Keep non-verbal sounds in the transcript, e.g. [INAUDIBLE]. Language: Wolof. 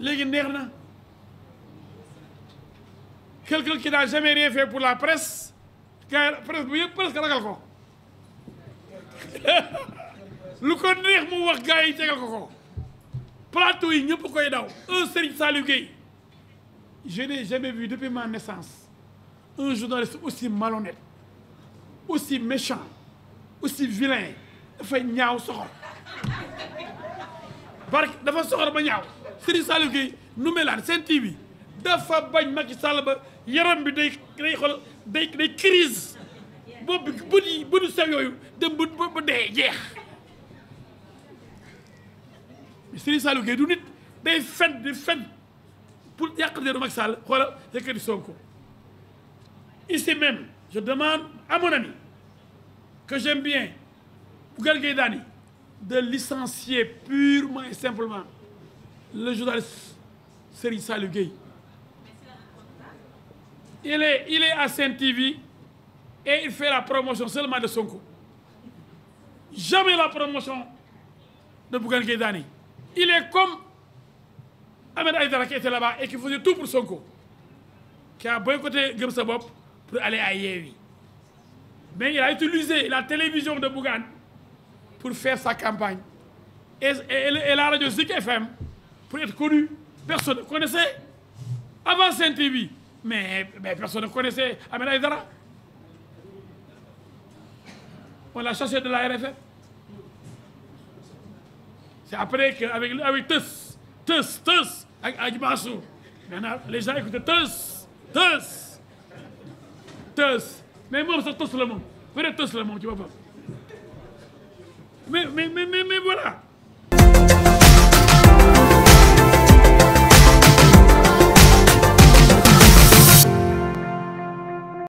léegi neex na quelqu'un qui n'a jamais rien fait pour la presse gars presse bu yëpp presque ragal ko [LAUGHS] lu ko neex mu wax gars yi tegal ko ko plateau yi ñëpp koy daw un Serigne Saliou Gueye je n'ai jamais vu depuis ma naissance un journaliste aussi malhonnête aussi méchant aussi vilain dafay ñaaw soxor barke dafa soxor ba ñaaw Serigne Saliou Gueye nu melaan seen TV dafa bañ Macky Sall ba yaram bi day day xool day day crise bopp bi bët sew yooyu dem ba ba dee jeex Serigne Saliou Gueye du nit day fen di fen pour yàq deru Macky Sall xoola yëkkati Sonko ici même je demande à mon ami que j'aime bien Bougane Gueye Dany de licencier purement et simplement le journaliste Serigne Saliou Gueye il il est à Sen TV et il fait la promotion seulement de Sonko jamais la promotion de Bougane Gueye Dany il est comme Ahmed Aïdara qui était tout pour Sonko qui a boycotté Gëm bopp pour aller à Yewwi mais il a utilisé la télévision de Bougane pour faire sa campagne et, la radio Zik FM pour être connu. Personne ne connaissait. Avant Saint-TV, mais, mais, personne ne connaissait Ahmed Aïdara. On l'a chassé de la RFM. C'est après qu'avec avec ah Tess, Tess, Tess, avec Adjibassou, maintenant les gens écoutent Tess, Tess, Tess. Mais moi, ça Tess le monde. Venez Tess le monde, tu vois pas. Mais, mais, mais, mais, mais voilà.